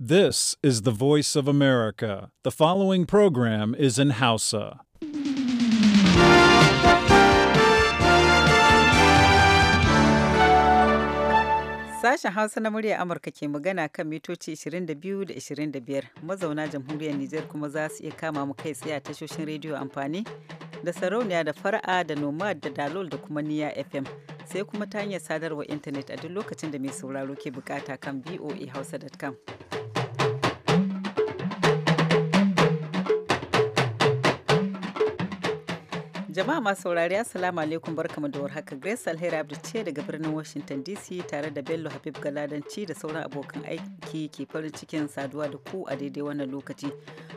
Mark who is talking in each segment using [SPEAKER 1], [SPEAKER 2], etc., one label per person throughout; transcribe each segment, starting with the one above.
[SPEAKER 1] This is the voice of America. The following program is in Hausa.
[SPEAKER 2] Sashen Hausa na murya Amurka ke magana kan mitoci 22 da 25 mazauna jamhuriyar Nijar kuma za su iya kama mu kai tsaye a tashoshin rediyo amfani da sarauniya da fara'a da nomad da dalol da kuma niya FM sai kuma ta hanyar sadarwar intanet a duk lokacin da mai sauraro ke bukata kan voahausa.com. Jama'a masu saurari Assalamu alaikum barkamu da warhaka Grace Alheri Abdu ce daga birnin Washington DC tare da Bello Habib Galadanci da sauran abokan aiki ke farin cikin saduwa da ku a daidai wannan lokaci.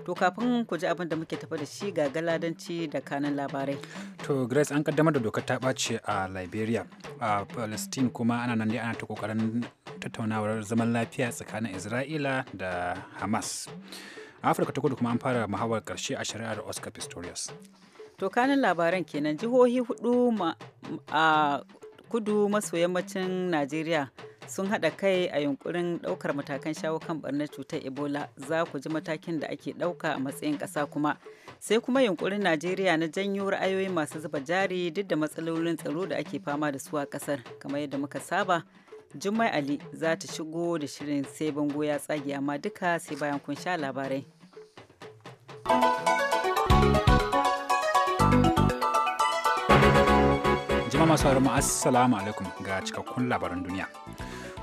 [SPEAKER 2] To kafin ku ji abin da muke tafa da shi ga Galadanci da kanan labarai.
[SPEAKER 1] To Grace an kaddamar da dokar ta ɓace a Liberia, a Palestine kuma ana nan dai ana ta kokarin tattaunawar zaman lafiya tsakanin Isra'ila da Hamas. a afirka ta kudu kuma an fara muhawar karshe a shari'ar
[SPEAKER 2] oscar pistorius To kanin labaran kenan jihohi hudu a kudu maso yammacin Najeriya sun haɗa kai a yunkurin ɗaukar matakan shawo kan barnar cutar Ebola za ku ji matakin da ake ɗauka a matsayin ƙasa kuma. Sai kuma yunkurin Najeriya na janyo ra'ayoyi masu zuba jari duk da matsalolin tsaro da ake fama da su a kasar kamar yadda muka saba. Jummai Ali za ta shigo da shirin sai bango ya tsage amma duka sai bayan kun sha labarai.
[SPEAKER 1] masu haramu assalamu alaikum ga cikakkun labaran duniya.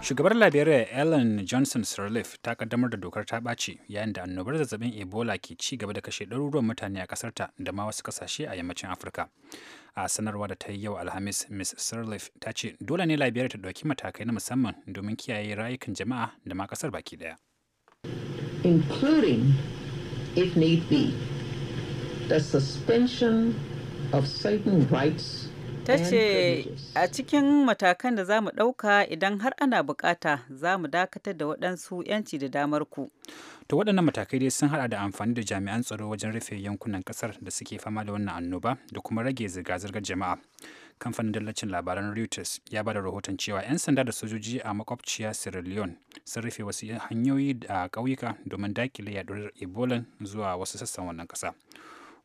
[SPEAKER 1] Shugabar Liberia Ellen Johnson Sirleaf ta kaddamar da dokar ta ɓaci yayin da annobar zazzabin Ebola ke ci gaba da kashe ɗaruruwan mutane a ƙasarta da ma wasu ƙasashe a yammacin Afirka. A sanarwa da ta yi yau Alhamis, Ms. Sirleaf ta ce dole ne Liberia ta ɗauki matakai na musamman domin kiyaye rayukan jama'a da ma ƙasar baki ɗaya.
[SPEAKER 3] Including, if need be, the suspension of certain rights ta
[SPEAKER 2] ce a cikin matakan da za mu ɗauka idan har ana bukata za mu dakatar da waɗansu 'yanci da damar ku
[SPEAKER 1] to waɗannan matakai dai sun haɗa da amfani da jami'an tsaro wajen rufe yankunan ƙasar da suke fama da wannan annoba da kuma rage zirga-zirgar jama'a kamfanin dallacin labaran reuters ya bada rahoton cewa 'yan sanda da sojoji a makwabciya sierra leone sun rufe wasu hanyoyi a ƙauyuka domin dakile yaɗuwar ebola zuwa wasu sassan wannan ƙasa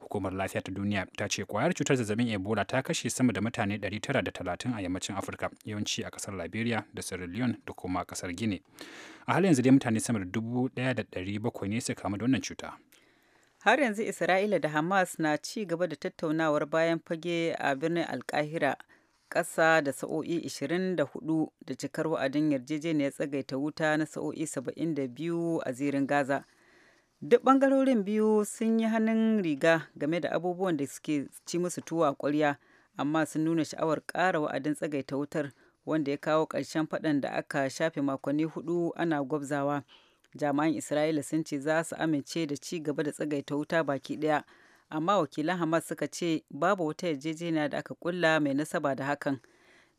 [SPEAKER 1] hukumar lafiya ta duniya ta ce kwayar cutar zazzabin ebola ta kashe sama da mutane 930 a yammacin afirka yawanci a kasar liberia da sierra leone da kuma kasar guinea a halin yanzu dai mutane sama da 1,700 ne suka kamu da wannan cuta
[SPEAKER 2] har yanzu isra'ila da hamas na ci gaba da tattaunawar bayan fage a birnin alkahira ƙasa da sa'o'i 24 da cikar wa'adin yarjejeniyar tsagaita wuta na sa'o'i 72 a zirin gaza duk bangarorin biyu sun yi hannun riga game da abubuwan da suke ci musu tuwa kwarya amma sun nuna sha'awar ƙara wa'adin tsagaita wutar wanda ya kawo ƙarshen faɗan da aka shafe makonni hudu ana gwabzawa jami'an isra'ila sun ce za su amince da ci gaba da tsagaita wuta baki ɗaya amma wakilan hamas suka ce babu wata yarjejeniya da aka kulla mai nasaba da hakan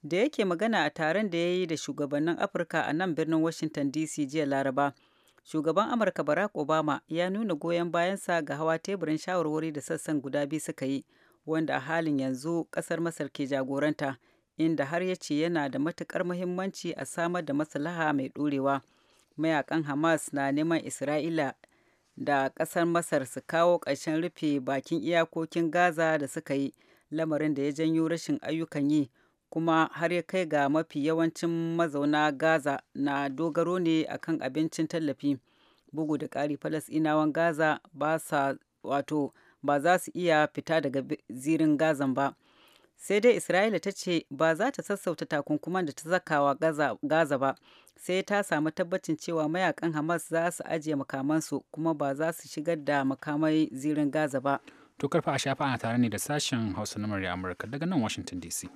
[SPEAKER 2] da yake magana a taron da ya yi da shugabannin afirka a nan birnin washington dc jiya laraba shugaban amurka barack obama ya nuna goyon bayansa ga hawa teburin shawarwari da sassan guda biyu suka yi wanda a halin yanzu kasar masar ke jagoranta inda har ya ce yana da matukar muhimmanci a samar da maslaha mai dorewa mayakan hamas na neman isra'ila da kasar masar su kawo ƙarshen rufe bakin iyakokin gaza da suka yi lamarin da ya janyo rashin ayyukan yi kuma har ya kai ga mafi yawancin mazauna Gaza na dogaro ne akan abincin tallafi. Bugu da ƙari Falasɗinawan Gaza ba sa wato ba za su iya fita daga zirin Gazan ba. Sai dai Isra'ila ta ce ba za ta sassauta takunkuman da ta zakawa Gaza, Gaza ba, sai ta samu tabbacin cewa mayakan Hamas za su ajiye makamansu kuma ba za su shigar da makamai zirin Gaza ba.
[SPEAKER 1] To karfa a shafa ana tare ne da sashen Hausa na Amurka daga nan Washington DC.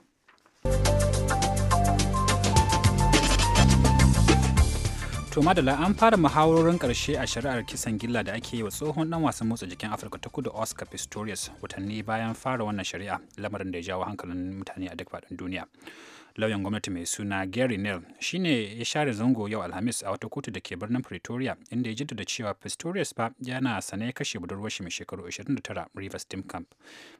[SPEAKER 1] To madala an fara muhawarorin ƙarshe a shari'ar kisan gilla da ake yi wa tsohon ɗan wasan motsa jikin Afirka ta kudu Oscar Pistorius watanni bayan fara wannan shari'a lamarin da ya jawo hankalin mutane a duk faɗin duniya. lauyan gwamnati mai suna gary neal shine ya share zango yau alhamis a wata kotu da ke birnin pretoria inda ya jaddada cewa pistorius ba yana sane ya kashe budurwar shi mai shekaru 29 steam camp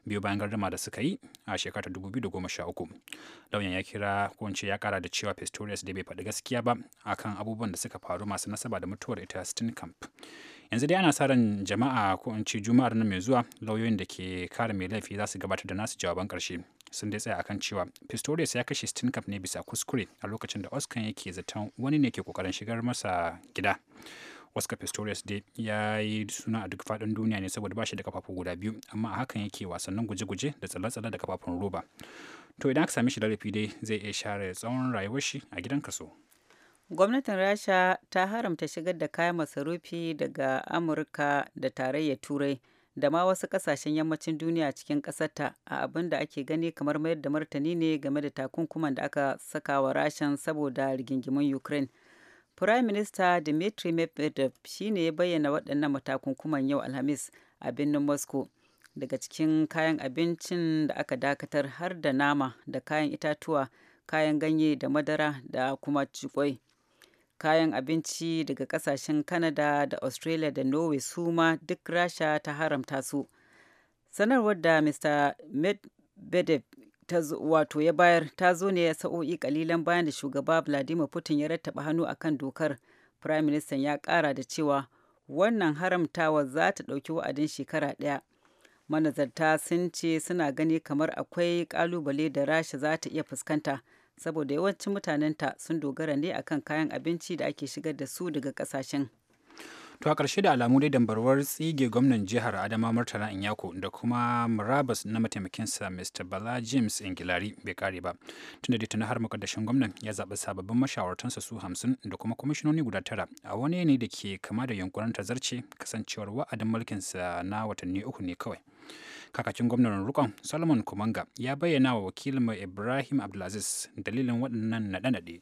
[SPEAKER 1] biyu bayan gardama da suka yi a shekarar 2013 lauyan ya kira ko ya kara da cewa pistorius da bai faɗi gaskiya ba akan abubuwan da suka faru masu nasaba da mutuwar ita camp yanzu dai ana sa ran jama'a ko in ce juma'ar nan mai zuwa lauyoyin da ke kare mai laifi za su gabatar da nasu jawaban karshe. sun dai tsaya akan cewa pistorius ya kashe stinkap ne bisa kuskure a lokacin da oscar yake zaton wani ne ke kokarin shigar masa gida oscar pistorius dai ya yi suna a duk faɗin duniya ne saboda ba shi da kafafu guda biyu amma a hakan yake wasannin guje-guje da tsalle-tsalle da kafafun roba to idan aka same shi larafi dai zai iya share tsawon rayuwar shi a gidan kaso
[SPEAKER 2] gwamnatin rasha ta haramta shigar da kayan masarufi daga amurka da tarayyar turai da ma wasu kasashen yammacin duniya cikin ƙasarta a abin da ake gani kamar mayar da martani ne game da takunkuman da aka saka wa rashan saboda rigingimin ukraine Prime Minister Dmitry Medvedev shi ne ya bayyana waɗannan matakunkuman yau Alhamis a birnin Moscow. Daga cikin kayan abincin da aka dakatar har da nama da kayan itatuwa, kayan ganye da madara da kuma cikwai. kayan abinci daga kasashen Kanada da Australia da Norway su ma duk Rasha ta haramta su. Sanarwar da Mr. Medvedev wato ya bayar ta zo ne ya sa'o'i kalilan bayan da shugaba Vladimir Putin ya rattaba hannu a kan dokar. Prime Minister ya kara da cewa wannan haramtawa za ta ɗauki wa'adin shekara ɗaya. Manazarta sun ce suna gani kamar akwai ƙalubale da Rasha za ta iya fuskanta. saboda yawancin mutanenta sun dogara ne akan kayan abinci da ake shigar da su daga kasashen
[SPEAKER 1] to a ƙarshe da alamu dai dambarwar tsige gwamnan jihar adama murtala inyako da kuma murabas na mataimakinsa mr bala james ingilari bai kare ba tunda dai tuna har makaddashin gwamnan ya zaɓi sababbin mashawartansa su hamsin da kuma kwamishinoni guda tara a wani ne da ke kama da yunkurin tazarce kasancewar wa'adin mulkinsa na watanni uku ne kawai Kakacin gwamnan rukon Solomon Kumanga ya bayyana wa wakilin mai Ibrahim Abdulaziz dalilin waɗannan naɗe-naɗe.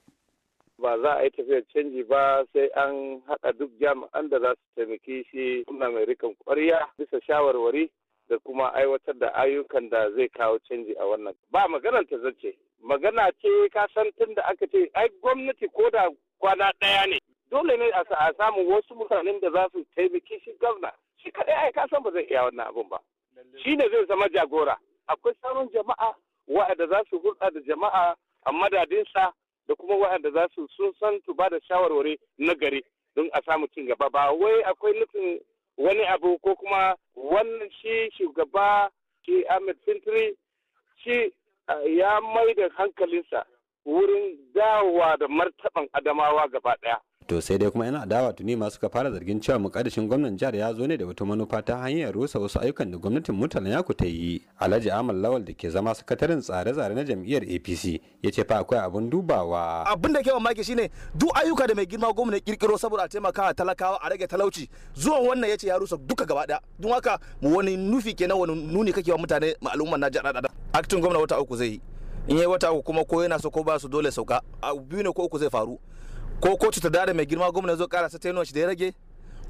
[SPEAKER 4] ba za a yi tafiyar canji ba sai an haɗa duk jami'an da za su taimaki shi gwamna mai rikon ƙwarya bisa shawarwari da kuma aiwatar da ayyukan da zai kawo canji a wannan ba maganar ta zance magana ce ka san tun da aka ce ai gwamnati ko da kwana ɗaya ne dole ne a samu wasu mutanen da za su taimaki shi gwamna shi kaɗai ai ka san ba zai iya wannan abun ba shi ne zai zama jagora akwai sauran jama'a wa'anda za su hulɗa da jama'a a madadinsa da kuma wa'anda za su sun san su ba da shawarwari na gari don a samu cin gaba ba wai akwai nufin wani abu ko kuma wannan shi shugaba shi Ahmed Fintiri shi ya mai da hankalinsa wurin dawa da martaban adamawa gaba ɗaya
[SPEAKER 3] to sai dai kuma yana adawa
[SPEAKER 5] tuni ma suka fara zargin cewa mukaddashin gwamnan jihar ya zo ne da wata manufa ta hanyar rusa wasu ayyukan da gwamnatin mutalan yaku ta yi alhaji amal lawal da ke zama sakataren tsare-tsare na jam'iyyar apc ya ce fa akwai abun dubawa
[SPEAKER 4] abin da ke mamaki shine duk ayyuka da mai girma gwamnati kirkiro saboda a taimaka talakawa a rage talauci zuwan wannan yace ya rusa duka gaba daya don haka mu wani nufi kenan wani nuni kake wa mutane al'umman na jihar aktin gwamna wata uku zai yi in yayi wata uku kuma ko yana so ko ba su dole sauka a biyu ne ko uku zai faru ko kotu ta dada mai girma gwamna zo sa tenuwa shi da ya rage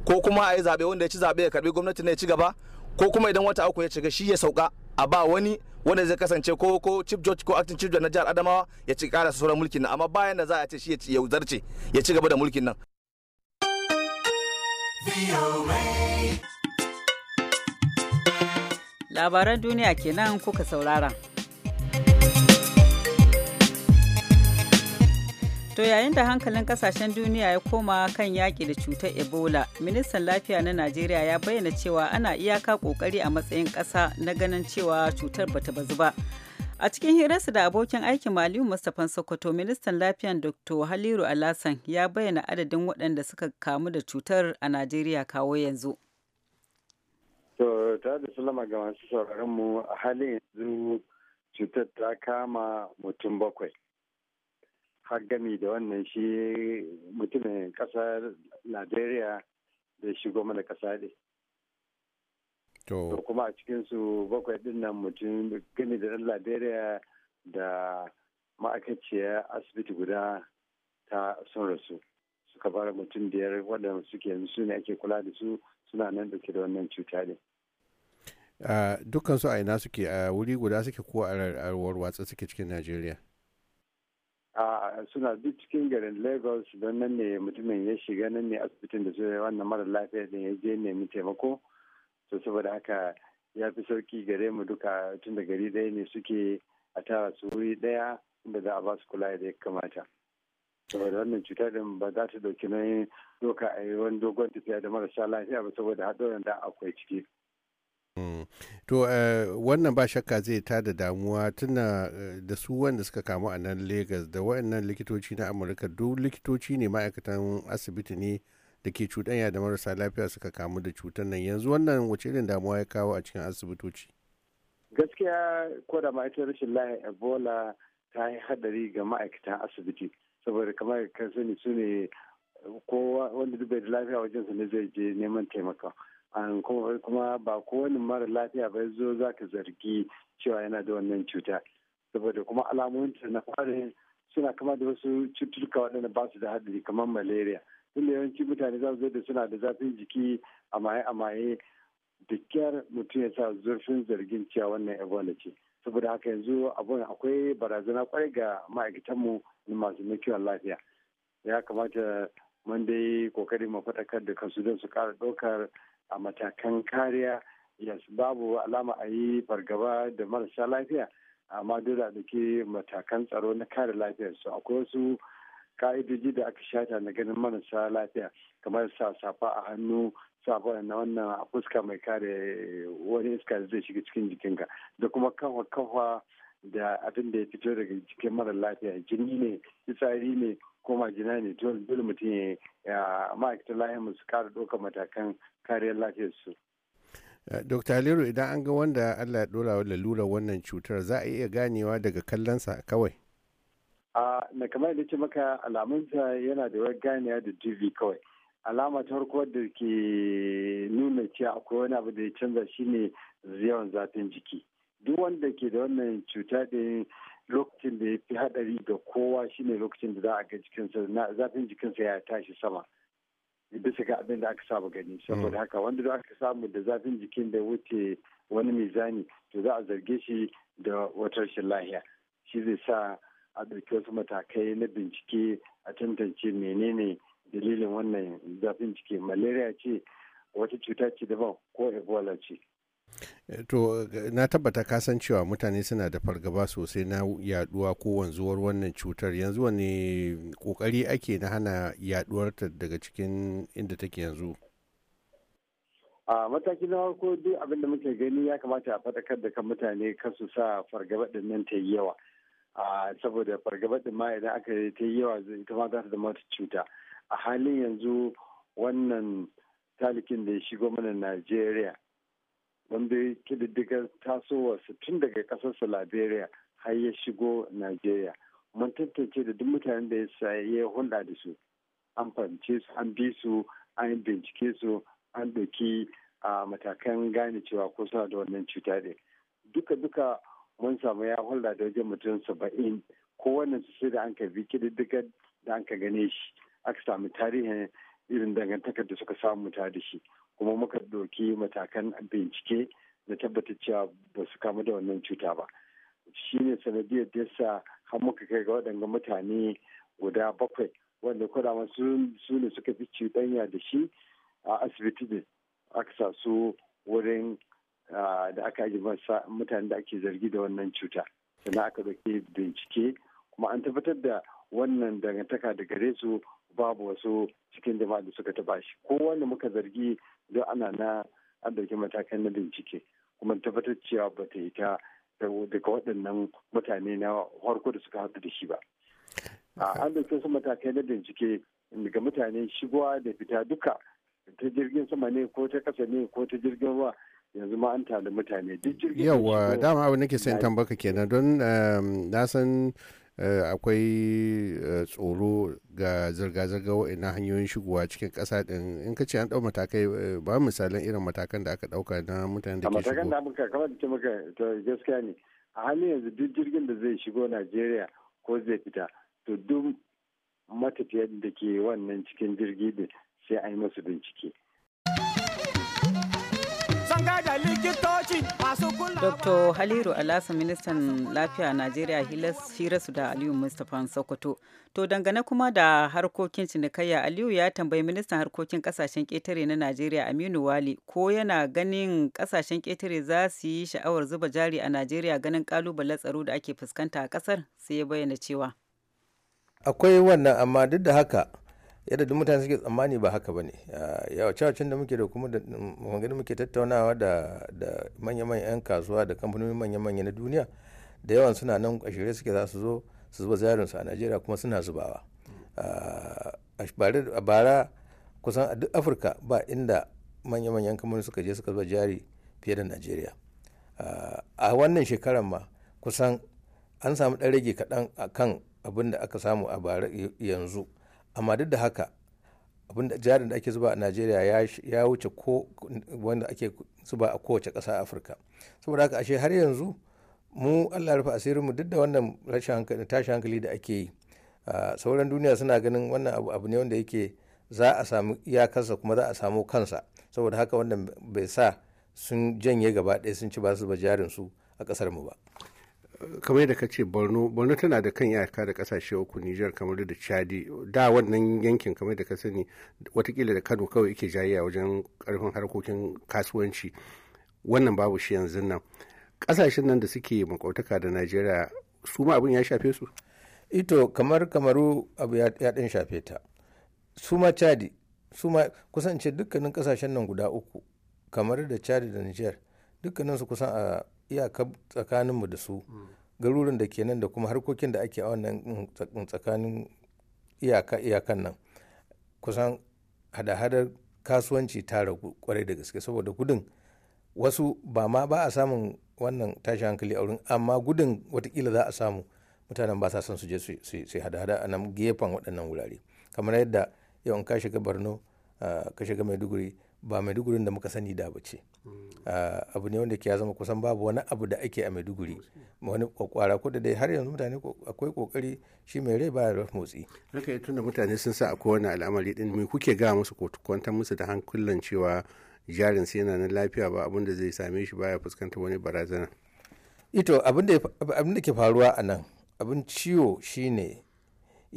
[SPEAKER 4] ko kuma a yi zaɓe wanda ya ci zaɓe ya karɓi gwamnati ne ya ci gaba ko kuma idan wata uku ya shiga shi ya sauka a ba wani wanda zai kasance ko ko chief judge ko acting chief judge na jihar adamawa ya ci sa sauran mulkin nan amma bayan da za a ce shi ya zarce ya ci gaba da mulkin nan.
[SPEAKER 2] labaran duniya kenan kuka saurara. To yayin da hankalin kasashen duniya ya koma kan yaƙi da cutar Ebola, ministan lafiya na Najeriya ya bayyana cewa ana iyaka ƙoƙari a matsayin ƙasa na ganin cewa cutar bata bazu ba. A cikin hirarsa da abokin aikin Maliyu Mustapha Sokoto, ministan lafiyan Dr. Haliru Alasan ya bayyana adadin waɗanda suka kamu da cutar a Najeriya kawo yanzu.
[SPEAKER 5] To, ta da sulama ga masu sauraron mu a halin yanzu cutar ta kama mutum bakwai. har gami da wannan shi mutumin kasar Najeriya da shi goma da kasa ne. To kuma a cikinsu bakwai din nan mutum gami da ɗan Najeriya da ma'aikaciyar asibiti guda ta sun rasu. Suka bar mutum biyar waɗanda suke su ne ake kula da su suna nan dauke da wannan cuta ne.
[SPEAKER 6] Dukkan su a ina suke a wuri guda suke ko a warwatsa suke cikin Najeriya?
[SPEAKER 5] suna duk cikin garin lagos don nan ne mutumin ya shiga nan ne asibitin da zai wannan mara lafiya din ya je nemi taimako to saboda haka ya fi sauki gare mu duka tun da gari ɗaya ne suke a tara su wuri ɗaya inda za a ba su kula da ya kamata saboda wannan cuta din ba za ta dauki nauyin doka a eh, yi wani dogon tafiya da marasa lafiya ba saboda haɗuran da akwai ciki
[SPEAKER 6] to eh, wannan ba shakka zai ta da damuwa tuna eh, da su wanda suka kamu a nan lagos da waɗannan likitoci na amurka duk likitoci ne ma'aikatan asibiti ne da ke cutanya da marasa lafiya suka kamu da cutar nan yanzu wannan wace irin damuwa ya kawo a cikin asibitoci
[SPEAKER 5] gaskiya ko da ma'aikatar rashin lahi ebola ta yi hadari ga ma'aikatan asibiti saboda kamar ka sani su ne ko wanda duk bai da lafiya wajen su ne zai je neman taimako kuma ba kowane mara lafiya ba zo za ka zargi cewa yana da wannan cuta saboda kuma alamunta na farin suna kama da wasu cututtuka waɗanda ba su da haɗari kamar malaria tunda yawanci mutane za su zo da suna da zafin jiki amaye-amaye da kyar mutum ya sa zurfin zargin cewa wannan ebola ce saboda haka yanzu abun akwai barazana kwarai ga ma'aikatanmu na masu kiwon lafiya ya kamata mun dai kokari mu faɗakar da kansu don su ƙara ɗaukar a matakan kariya yes babu alama a yi fargaba da marasa lafiya amma dole a ɗauki matakan tsaro na kare su akwai wasu ka'idoji da aka shata na ganin marasa lafiya kamar sa safa a hannu safa na wannan a fuska mai kare wani iska zai shiga cikin jikinka da kuma kafa kafa da abin da ya fito daga jikin mara lafiya jini ne fitsari ne ko majina ne dole mutum ya ma'aikatan lafiya su kara ɗaukar matakan kariyar su.
[SPEAKER 6] Eh, dokta Aliru idan an ga wanda Allah ya dora lalura wannan cutar za a iya ganewa daga kallonsa kawai.
[SPEAKER 5] na kamar da ce maka alamunsa yana da wani ganewa da DV kawai. Alama ta farko da ke nuna cewa akwai wani abu da ya canza shine yawan zafin jiki. duk wanda ke da wannan cuta ɗin lokacin da ya fi haɗari ga kowa shine lokacin da za a ga jikinsa zafin jikinsa ya tashi sama bisa ga abin da aka samu gani mm. saboda haka wanda da aka samu da zafin jikin da wuce wani mizani to za a zarge shi da wata rashin lahiya shi zai sa a ɗauki wasu matakai na bincike a tantance menene dalilin wannan zafin jiki malaria ce wata cuta ce daban ko ebola ce
[SPEAKER 6] to na tabbata ka san cewa mutane suna da fargaba sosai na yaduwa ko wanzuwar wannan cutar yanzu wani kokari ake na hana yaduwar ta daga cikin inda take yanzu
[SPEAKER 5] a mataki na farko duk abin da muke gani ya kamata a fadakar da kan mutane kan su sa fargaba din nan ta yi yawa saboda fargaba din ma idan aka ta yi yawa ita ma za ta zama cuta a halin yanzu wannan talikin da ya shigo mana najeriya wanda ya kididdigar tasowarsa tun daga su liberia har ya shigo nigeria mun tantance da duk mutanen da ya hulɗa da su an fahimce su an bi su an bincike su an ɗauki a matakan gane cewa ko suna da wannan cuta ne duka duka mun samu ya hulɗa da wajen mutum saba'in ko wannan su sai da an ka bi kididdigar da an ka gane shi aka samu tarihin irin dangantakar da suka samu ta da shi kuma muka ɗauki matakan bincike da tabbata cewa ba su kama da wannan cuta ba shi ne sanadiyar da yasa har muka kai ga waɗanda mutane guda bakwai wanda kurama su ne suka fi cuɗanya da shi a asibiti da aka sa su wurin da aka yi mutane da ake zargi da wannan cuta sannan aka ɗauki bincike kuma an tabbatar da wannan dangantaka da gare su babu wasu cikin jama'a da suka taba shi ko wanda muka zargi don ana na an matakan na bincike kuma tabbatar cewa ba ta yi ta daga waɗannan mutane na harko da suka haɗu da shi ba an dauke su matakai na bincike daga mutane shigowa da fita duka ta jirgin sama ne ko ta ƙasa ne ko ta jirgin ruwa yanzu ma an tali mutane duk jirgin yawa dama abu nake son tambaka
[SPEAKER 6] kenan don ehm, na san Eh, akwai eh, tsoro ga zirga-zirga wa'ina hanyoyin shigowa cikin ƙasa ɗin in ka ce an ɗau matakai eh, ba misalan irin matakan da aka ɗauka na mutanen da ke shigo. matakan da
[SPEAKER 5] muka kamar da muka to gaskiya ne a halin yanzu duk jirgin da zai shigo najeriya ko zai fita to duk matafiyan da ke wannan cikin jirgi din sai a yi masu bincike
[SPEAKER 2] dr haliru alasa ministan lafiya najeriya hirarsu da aliyu mustapha sokoto to dangane kuma da harkokin cinikayya aliyu ya tambayi ministan harkokin kasashen ketare na najeriya aminu wali ko yana ganin kasashen ketare za su yi sha'awar zuba jari a najeriya ganin ƙalubalen tsaro da ake fuskanta a ƙasar, sai ya bayyana cewa
[SPEAKER 7] akwai wannan amma duk da haka yadda duk mutane suke tsammani ba haka bane yawace cewacin da muke da kuma da maganganun muke tattaunawa da manya-manyan 'yan kasuwa da kamfanoni manya-manya na duniya da yawan suna nan ashirin suke za su zo su zuba zarinsu a najeriya kuma suna zubawa a bara kusan a duk afirka ba inda manya-manyan kamfanoni suka je suka zuba jari fiye da najeriya a wannan shekarar ma kusan an samu ɗan rage kaɗan a kan abin da aka samu a bara yanzu amma duk da haka da jarin da ake zuba a najeriya ya wuce ko wanda ake zuba a kowace kasa a afirka saboda haka ashe har yanzu mu allah rufe asirinmu duk da wannan tashin hankali da ake yi sauran duniya suna ganin wannan abu ne wanda yake za a samu iyakarsa kuma za a samu kansa saboda haka wannan bai sa sun janye gaba ɗaya sun ci ba su ba
[SPEAKER 6] jarin su a ƙasar mu ba kamar yadda ka ce borno borno tana da kan iyaka da kasashe uku nijar kamar da chadi da wannan yankin kamar da ka sani watakila da kano kawai yake jayayya wajen karfin harkokin kasuwanci wannan babu shi yanzu nan kasashen nan da suke makautaka da najeriya su ma abin ya shafe su ito
[SPEAKER 7] kamar kamaru abu ya ɗan shafe ta su ma chadi su ma kusance dukkanin kasashen nan guda uku kamar da chadi da niger dukkaninsu kusan a iyaka tsakaninmu da su garurin da ke nan da kuma harkokin da ake a wannan mm, tsakanin iyakan nan kusan hada-hadar kasuwanci ta ragu kwarai da gaske saboda gudun wasu ba ma ba a samun wannan tashi hankali a wurin amma gudun watakila za a samu mutanen ba sa son su je su hada-hada a nan gefen waɗannan wurare kamar yadda yawan ka shiga borno ah, ka shiga maiduguri ba maiduguri da muka sani da ba ce mm. ah, abu ne wanda ke ya zama kusan babu wani abu da ake a maiduguri wani kwakwara ko da dai har yanzu mutane akwai kokari shi
[SPEAKER 6] mai rai baya rafi motsi haka yi tunda mutane sun sa akwai wani al'amari din mai kuke ga musu ko kwantar musu da hankulan cewa jarin sai yana nan lafiya ba abin da zai same shi baya fuskantar wani barazana ito abin
[SPEAKER 7] da ke faruwa a nan abin ciwo shine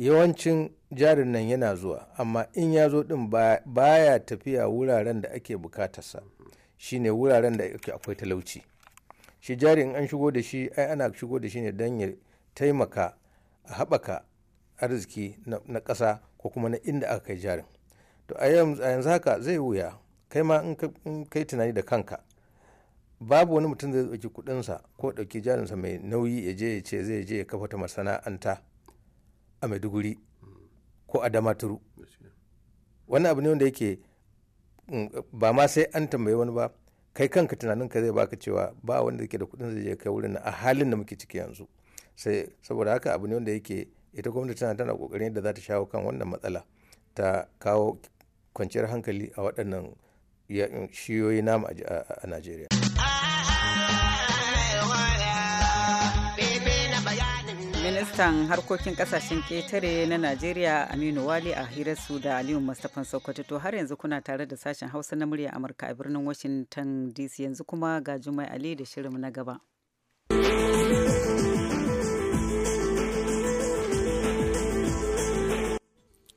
[SPEAKER 7] yawancin jarin nan yana zuwa amma in ya zo din baya tafiya wuraren da ake bukatarsa shine wuraren da akwai talauci shi jari in an shigo da shi ai ana shigo da shi ne don ya taimaka a haɓaka arziki na ƙasa ko kuma na inda aka kai jarin to a yanzu haka zai wuya kai ma in kai tunani da kanka babu wani mutum zai ɗauki kuɗinsa ko ɗauki jarinsa mai nauyi ya je ya ce zai je ya kafa ta masana'anta a maiduguri mm. ko a damaturu wani abu ne wanda yake mm, ba ma sai an tambayi wani ba kai kanka tunanin ka zai baka cewa ba wanda ke da kudin zai je kai wurin a halin da muke ciki yanzu sai saboda haka abu ne wanda yake ita gwamnati tana tana kokarin yadda za ta shawo kan wannan matsala ta kawo kwanciyar hankali a waɗannan shiyoyi namu a Najeriya.
[SPEAKER 2] ministan harkokin kasashen ketare na najeriya aminu wali a hirarsu da aliyu mustapha sokoto to har yanzu kuna tare da sashen hausa na murya amurka a birnin washington dc yanzu kuma ga jumai ali da shirin na gaba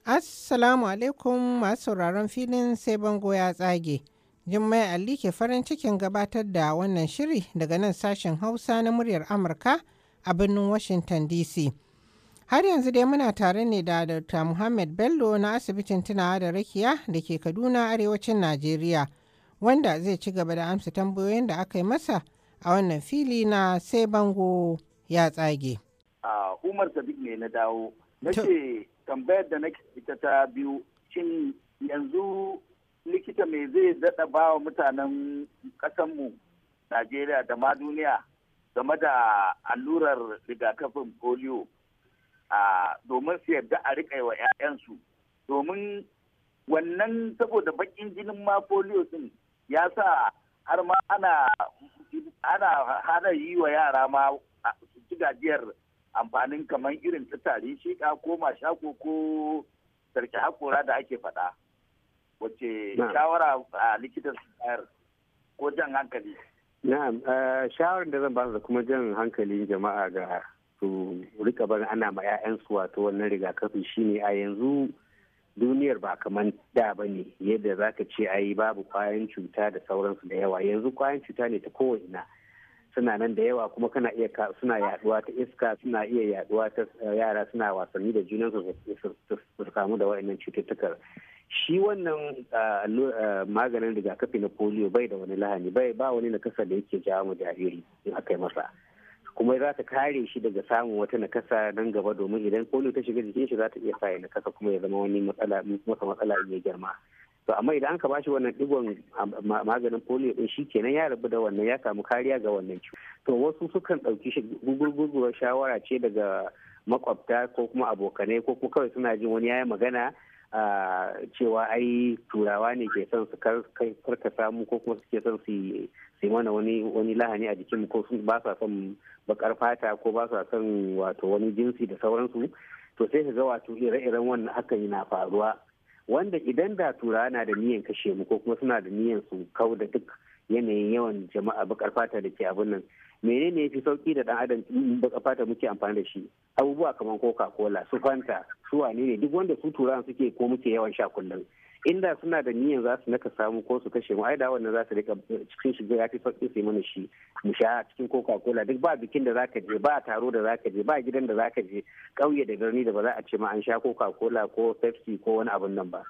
[SPEAKER 3] assalamu alaikum masu sauraron filin sai bango ya tsage jummai ali ke farin cikin gabatar da wannan shiri daga nan sashen hausa na muryar amurka a birnin Washington DC. Har yanzu dai muna tare ne da Dr. Muhammad Bello na asibitin tunawa da rakiya da ke Kaduna arewacin Najeriya wanda zai ci gaba da amsa tambayoyin da aka yi masa a wannan fili na sai bango ya tsage.
[SPEAKER 4] Umar Sadiq ne na dawo. nake tambayar da nake ita ta biyu shin yanzu likita mai zai daɗa ba wa mutanen ƙasanmu Najeriya da ma duniya game da allurar rigakafin polio domin su yarda a riƙa wa 'ya'yansu domin wannan saboda baƙin jinin ma polio din ya sa har ma ana ana hana yi wa yara ma su ci gajiyar amfanin kamar irin ta tari shiƙa ko mashako ko sarki hakora da ake faɗa wacce shawara a likitan ko jan hankali
[SPEAKER 8] Na'am, eh, shawarar da zan ba da kuma jan hankali jama'a ga su rika bar ana ma 'ya'yansu wato wannan rigakafi shine a yanzu duniyar ba kamar da ba ne yadda za ka ce ayi babu kwayan cuta da sauransu da yawa yanzu kwayan cuta ne ta kowane suna nan da yawa kuma kana iya suna yaduwa ta iska suna iya yaduwa ta eh, yara suna wasanni da junansu su kamu da wa'annan cututtukar shi wannan maganin rigakafi na polio bai da wani lahani bai ba wani nakasa da yake jawo mu jariri in aka yi masa kuma za ta kare shi daga samun wata nakasa nan gaba domin idan polio ta shiga jikin shi za ta iya sa nakasa kuma ya zama wani matsala matsala in ya girma to amma idan aka bashi wannan digon maganin polio din shi kenan ya rabu da wannan ya samu kariya ga wannan ciwo to wasu sukan ɗauki shi gugurguguwar shawara ce daga makwabta ko kuma abokanai ko kuma kawai suna jin wani yayi magana cewa ai turawa ne ke son su karkasa mu ko kuma suke son su yi mana wani lahani a jikin ko ba sa son bakar fata ko ba sa son wato wani jinsi da sauransu to sai su ga wato ire-iren wannan hakan na faruwa wanda idan da turawa na da niyan kashe mu ko kuma suna da niyan su kau da duk yanayin yawan jama'a bakar fata da ke abin nan menene ya fi sauki da dan adam baka fata muke amfani da shi abubuwa kamar coca cola su fanta su wane ne duk wanda su turan suke ko muke yawan sha kullum inda suna da niyyar za su naka samu ko su kashe mu ai da wannan za su rika cikin shi ya fi sauki su mana shi mu sha cikin coca cola duk ba bikin da za ka je ba taro da za ka je ba gidan da za ka je kauye da birni da ba za a ce ma an sha coca cola ko pepsi ko wani abun nan ba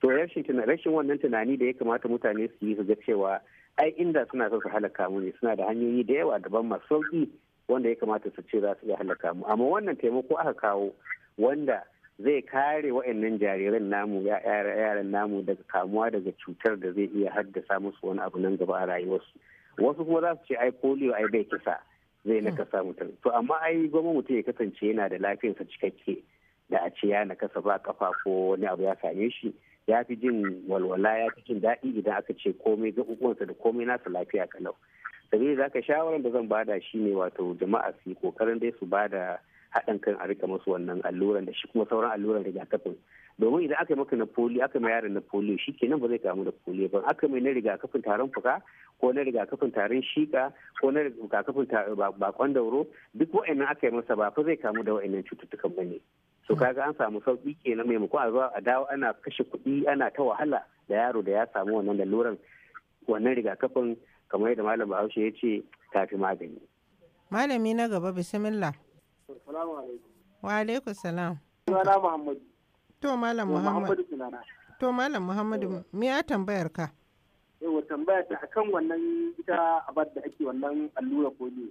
[SPEAKER 8] to rashin rashin wannan tunani da ya kamata mutane su yi su ga cewa ai inda suna so su halaka mu ne suna da hanyoyi da yawa daban masu sauki wanda ya kamata su ce za su iya halaka mu amma wannan taimako aka kawo wanda zai kare wa'annan jariran namu yaran namu daga kamuwa daga cutar da zai iya haddasa musu wani abu nan gaba a rayuwarsu wasu kuma za su ce ai polio ai bai kisa zai hmm. na kasa mutum to amma ai goma mutum ya kasance yana da lafiyarsa cikakke da a ce ya na kasa ba kafa ko wani abu ya same shi ya fi jin walwala ya fi jin daɗi idan aka ce komai ga ukuwansa da komai nasa lafiya kalau sabi da shawaran da zan bada shine wato jama'a su yi kokarin dai su bada haɗin kan a rika musu wannan alluran da shi kuma sauran alluran rigakafin domin idan aka yi maka na polio aka yi yaron na polio shi kenan ba zai kamu da polio ba aka mai na rigakafin tarin fuka ko na rigakafin tarin shika ko na rigakafin bakon dauro duk wa'annan aka yi masa ba fa zai kamu da wa'annan cututtukan ba ne so mm. kaga an samu sauki kenan maimakon a zuwa a dawo ana kashe kuɗi ana ta wahala da yaro da ya samu wannan laluran wannan rigakafin kamar yadda malam bahaushe ya ce tafi
[SPEAKER 3] magani malami na gaba bismillah wa alaikum salam sunana muhammadu to malam muhammadu to malam muhammadu me ya tambayar ka
[SPEAKER 4] yawa tambaya ta akan wannan ita abar da ake wannan allura polio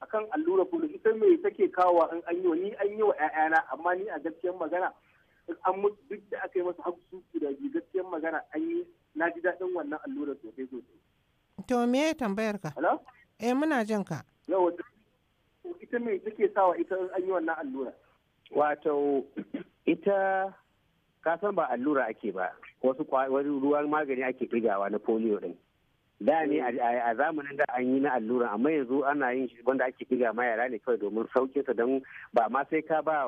[SPEAKER 4] akan allura kullu ita me take kawo in an yi ni an yi wa ƴaƴana amma ni a gaskiyar magana an mutu duk da aka yi masa haku su guda biyu gaskiyar magana an yi na ji daɗin wannan allura sosai sosai.
[SPEAKER 3] To me ya tambayar ka? Hello? Eh muna jin ka.
[SPEAKER 4] Yawa ita me take sawa ita an yi wannan allura? Wato ita ka san ba allura ake ba wasu ruwan
[SPEAKER 8] magani ake ɗigawa na polio din. da ne eh. a zamanin da an yi na allura amma yanzu ana yin shi wanda ake diga ma yara ne kawai domin sauke ta don ba ma sai ka ba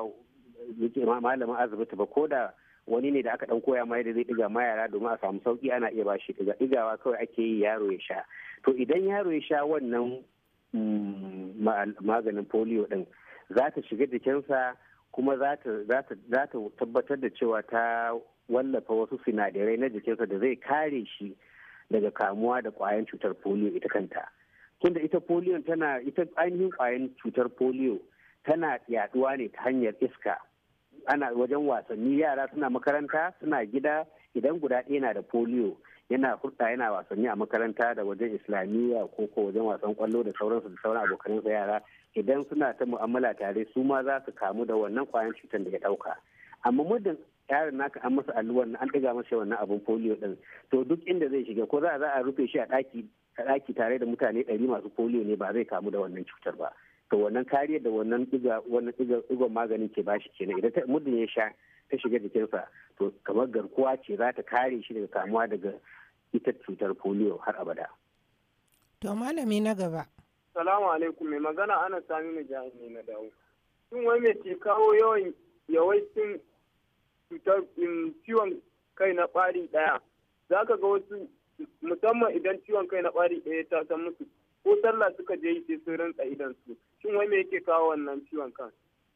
[SPEAKER 8] malamin asibiti ba ko da wani ne da aka dan koya ma yadda zai diga ma yara domin a samu sauki ana iya ba shi diga digawa kawai ake yi yaro ya sha to idan yaro ya sha wannan mm, maganin polio din za ta shiga jikinsa kuma za ta tabbatar da cewa ta wallafa wasu sinadarai na jikinsa da zai kare shi daga kamuwa da kwayan cutar polio ita kanta tunda ita polio tana ita ainihin kwayan cutar polio tana yaduwa ne ta hanyar iska ana wajen wasanni yara suna makaranta suna gida idan guda ɗaya na da polio yana hurɗa yana wasanni a makaranta da wajen islamiyya ko ko wajen wasan kwallo da sauransu da sauran abokanansa yara idan suna ta mu'amala tare su ma za su kamu da wannan kwayan cutar da ya ɗauka amma muddin yaron naka an masa na an ɗiga masa wannan abin polio ɗin to duk inda zai shiga ko za a rufe shi a ɗaki a ɗaki tare da mutane ɗari masu polio ne ba zai kamu da wannan cutar ba to wannan kariyar da wannan ɗiga wannan ɗigon maganin ke bashi kenan idan muddin ya sha ta shiga jikinsa to kamar garkuwa ce za ta kare shi daga kamuwa daga ita cutar polio har abada.
[SPEAKER 3] To malami na gaba.
[SPEAKER 4] Salamu alaikum mai magana ana sami mu jami'i na dawo. Shin wai mai ke kawo yawan yawaitin cutar ciwon kai na ɓari ɗaya za ka ga wasu musamman idan ciwon kai na ɓari ɗaya ta san musu ko sallah suka je yi sai sun rantsa idan su shin wai me yake kawo wannan ciwon kan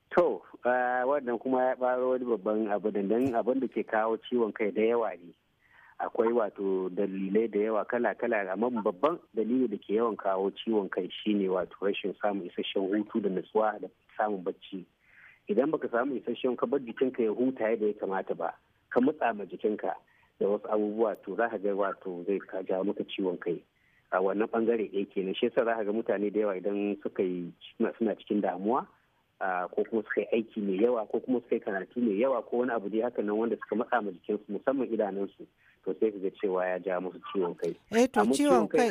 [SPEAKER 8] to wannan kuma ya ɓaro wani babban abu da nan abin da ke kawo ciwon kai da yawa ne akwai wato dalilai da yawa kala-kala amma babban dalili da ke yawan kawo ciwon kai shine wato rashin samun isasshen hutu da nutsuwa da samun bacci idan baka samu isasshen ka bar jikinka ya huta yadda ya kamata ba ka mutsa ma jikinka da wasu abubuwa to za ka ga wato zai ja maka ciwon kai a wannan bangare ɗaya kenan shi yasa za ka ga mutane da yawa idan suka yi suna cikin damuwa ko kuma suka yi aiki mai yawa ko kuma suka yi karatu mai yawa ko wani abu dai haka nan wanda suka matsa ma jikinsu musamman idanunsu to sai ka ga cewa ya ja musu ciwon kai. Eh to ciwon kai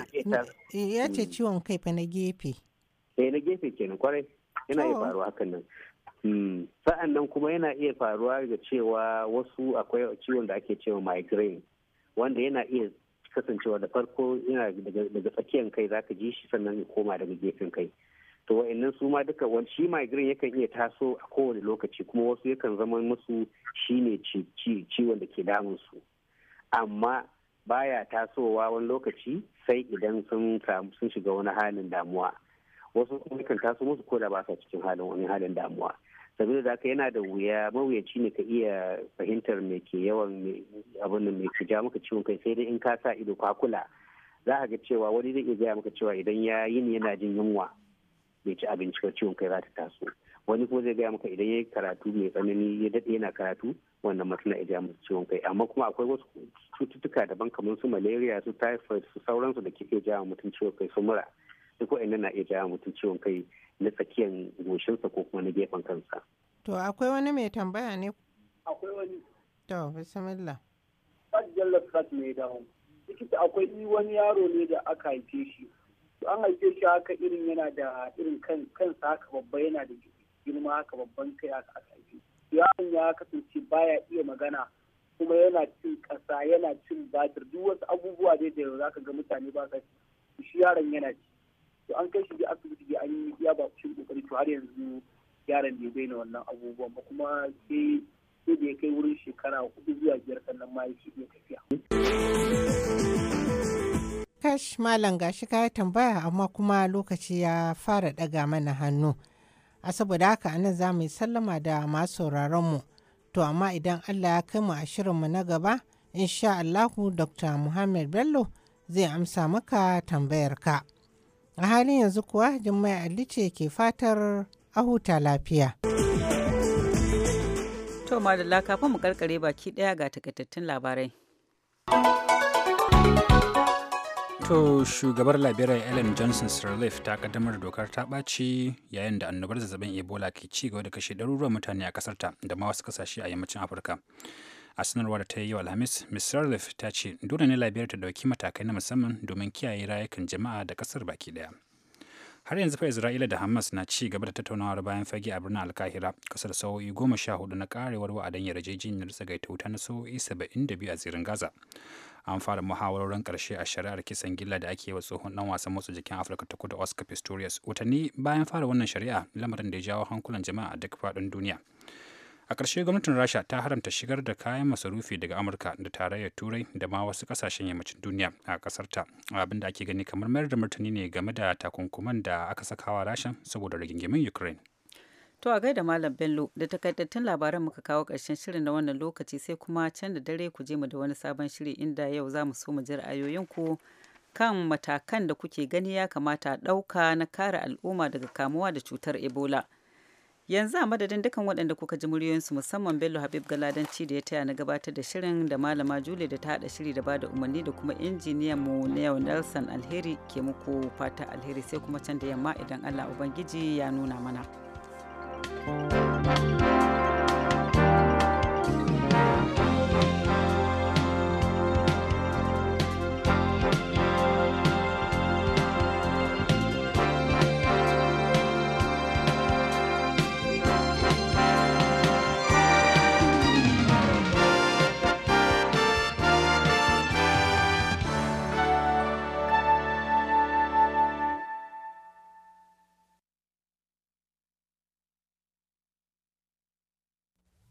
[SPEAKER 3] ya ce hmm. ciwon kai fa na gefe.
[SPEAKER 8] Eh na gefe kenan kwarai yana iya faruwa hakan nan Hmm. sa'an nan kuma yana iya faruwa ga cewa wasu akwai ciwon da ake cewa migraine wanda yana iya kasancewa da farko yana daga tsakiyar kai zaka ji shi sannan ya koma daga gefen kai to wa'annan su ma duka wani shi migraine yakan iya taso a kowane lokaci kuma wasu yakan zama musu shine ciwon da ke damun su amma baya tasowa wani lokaci sai idan sun sun shiga wani halin damuwa wasu kuma yakan taso musu ko da ba sa cikin halin wani halin damuwa saboda da haka yana da wuya mawuyaci ne ka iya fahimtar me ke yawan abin da mai ja maka ciwon kai sai dai in ka sa ido ka kula za a ga cewa wani zai iya gaya maka cewa idan ya yi ne yana jin yunwa bai ci abinci ka ciwon kai za ta taso wani kuma zai gaya maka idan ya yi karatu mai tsanani ya daɗe yana karatu wannan masu na iya maka ciwon kai amma kuma akwai wasu cututtuka daban kamar su malaria su typhoid su sauransu da ke iya jawo mutum ciwon kai su mura duk wa'annan na iya jawo mutum ciwon kai na tsakiyan goshinsa ko kuma na gefen kansa.
[SPEAKER 3] To akwai wani mai tambaya ne? Akwai wani. To bismillah.
[SPEAKER 4] jalla Lafsat mai dawo. Likita akwai wani yaro ne da aka haife shi. To an haife shi haka irin yana da irin kan kansa haka babba yana da girma haka babban kai haka aka haife. Yaron ya kasance baya iya magana kuma yana cin kasa yana cin batir duk wasu abubuwa dai da za ka ga mutane ba ka shi yaron yana ci. to an kai shi ga asibiti an yi ya ba shi kokari to har yanzu yaron bai daina wannan abubuwan ba kuma sai sai da ya kai wurin shekara hudu zuwa biyar sannan ma yake iya tafiya.
[SPEAKER 3] Kash Malam gashi ka tambaya amma kuma lokaci ya fara ɗaga mana hannu. A saboda haka anan za mu yi sallama da masu sauraronmu. To amma idan Allah ya kai mu a shirinmu na gaba, insha Allahu Dr. Muhammad Bello zai amsa maka tambayar ka. a halin yanzu kuwa Jummai Ali ce ke fatar a huta lafiya.
[SPEAKER 2] To Madalla kafin mu karkare baki daya ga takaitattun labarai.
[SPEAKER 1] To shugabar labirai Ellen Johnson Sirleaf ta kaddamar dokar ta ɓaci yayin da annobar zazzabin Ebola ke ci gaba da kashe ɗaruruwan mutane a ƙasarta da ma wasu ƙasashe a yammacin Afirka. a sanarwar da ta yi alhamis ms sirleaf ta ce dole ne liberia ta dauki matakai na musamman domin kiyaye rayukan jama'a da kasar baki daya har yanzu fa isra'ila da hamas na ci gaba da tattaunawar bayan fage a birnin alkahira kasar sa'o'i goma sha hudu na karewar wa'adan yarjejeniyar ta wuta na sa'o'i saba'in da biyu a zirin gaza an fara muhawarorin karshe a shari'ar kisan gilla da ake yi wa tsohon dan wasan motsa jikin afirka ta kudu oscar pistorius watanni bayan fara wannan shari'a lamarin da ya jawo hankulan jama'a a duk faɗin duniya a ƙarshe gwamnatin rasha ta haramta shigar da kayan masarufi daga amurka da tarayyar turai da ma wasu ƙasashen yammacin duniya a ƙasarta abin da ake gani kamar mayar da martani ne game da takunkuman da aka sakawa rasha saboda rigingimin ukraine
[SPEAKER 2] To a gaida Malam Bello da takaitattun labaran muka kawo ƙarshen shirin na wannan lokaci sai kuma can da dare ku je mu da wani sabon shiri inda yau za mu so mu ji ra'ayoyinku kan matakan da kuke gani ya kamata a ɗauka na kare al'umma daga kamuwa da cutar Ebola. yanzu a madadin dukkan waɗanda kuka ji muryoyinsu musamman bello habib galadanci da ya taya na gabatar da shirin da malama jule da ta haɗa shiri da bada umarni da kuma injiniyan mu na yau nelson alheri ke muku fata alheri sai kuma can da yamma idan allah ubangiji ya nuna mana thank you